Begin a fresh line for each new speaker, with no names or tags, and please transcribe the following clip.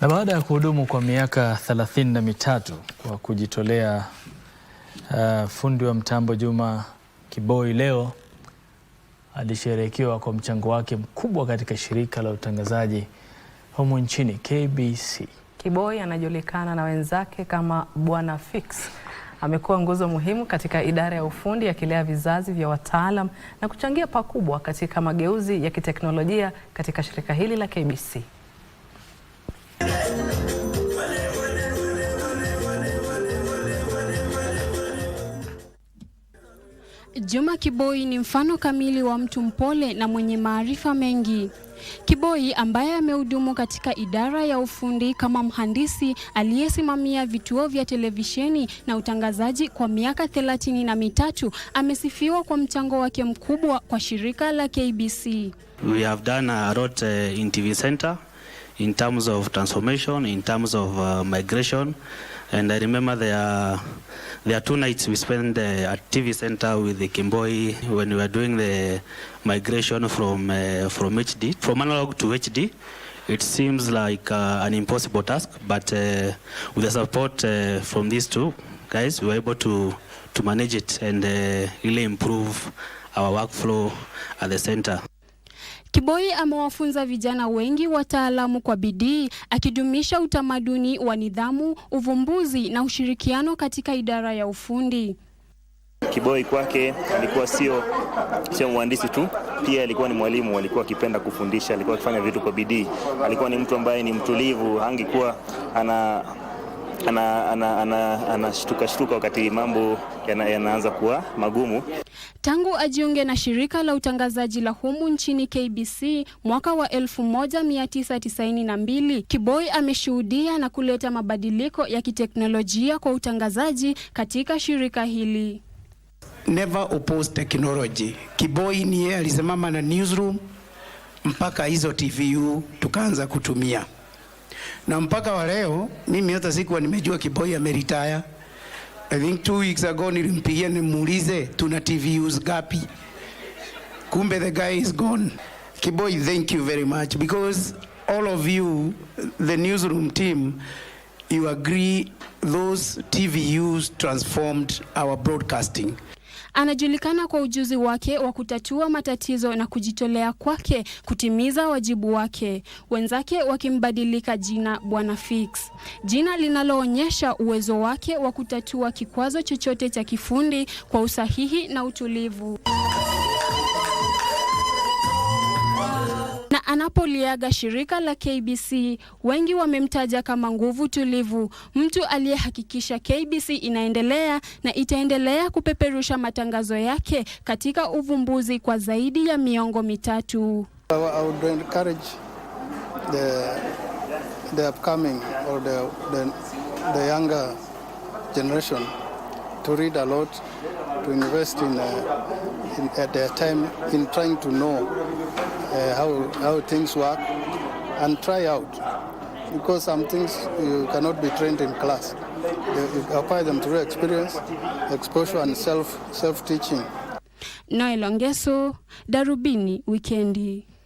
Na baada ya kuhudumu kwa miaka thelathini na mitatu kwa kujitolea, uh, fundi wa mtambo Juma Kiboi leo alisherehekewa kwa mchango wake mkubwa katika shirika la utangazaji humu nchini KBC.
Kiboi anajulikana na wenzake kama Bwana Fix. Amekuwa nguzo muhimu katika idara ya ufundi akilea vizazi vya wataalam na kuchangia pakubwa katika mageuzi ya kiteknolojia katika shirika hili la KBC.
Juma Kiboi ni mfano kamili wa mtu mpole na mwenye maarifa mengi. Kiboi ambaye amehudumu katika idara ya ufundi kama mhandisi aliyesimamia vituo vya televisheni na utangazaji kwa miaka thelathini na mitatu amesifiwa kwa mchango wake mkubwa kwa shirika la KBC.
We have done a lot eh, in TV Center in terms of transformation, in terms of uh, migration And I remember there, there are two nights we spent uh, at TV Center with the Kimboi when we were doing the migration from, uh, from HD, from analog to HD. It seems like uh, an impossible task, but uh, with the support uh, from these two guys, we were able to, to manage it and uh, really improve our workflow at the center.
Kiboi amewafunza vijana wengi wataalamu kwa bidii, akidumisha utamaduni wa nidhamu, uvumbuzi na ushirikiano katika idara ya ufundi.
Kiboi kwake alikuwa sio sio mhandisi tu, pia alikuwa ni mwalimu. Alikuwa akipenda kufundisha, alikuwa akifanya vitu kwa bidii, alikuwa ni mtu ambaye ni mtulivu, angekuwa ana anashtuka ana, ana, ana, ana shtuka wakati mambo yanaanza yana kuwa magumu.
Tangu ajiunge na shirika la utangazaji la humu nchini KBC mwaka wa 1992, Kiboi ameshuhudia na kuleta mabadiliko ya kiteknolojia kwa utangazaji katika shirika hili.
Never oppose technology. Kiboi ni yeye alisimama na newsroom mpaka hizo TVU tukaanza kutumia, na mpaka wa leo mimi hata sikuwa nimejua Kiboi ameritaya. I think two weeks ago nilimpigia nimuulize tuna TV use gapi. Kumbe the guy is gone. Kiboy, thank you very much because all of you, the newsroom team, you agree those TVUs transformed our broadcasting.
Anajulikana kwa ujuzi wake wa kutatua matatizo na kujitolea kwake kutimiza wajibu wake, wenzake wakimbadilika jina Bwana Fix, jina linaloonyesha uwezo wake wa kutatua kikwazo chochote cha kifundi kwa usahihi na utulivu. anapoliaga shirika la KBC, wengi wamemtaja kama nguvu tulivu, mtu aliyehakikisha KBC inaendelea na itaendelea kupeperusha matangazo yake katika uvumbuzi kwa zaidi ya miongo mitatu
uh, how, how things work and try out because some things you cannot be trained in class. You apply them through experience, exposure and self, self-teaching.
Noel Ongeso, Darubini Wikendi.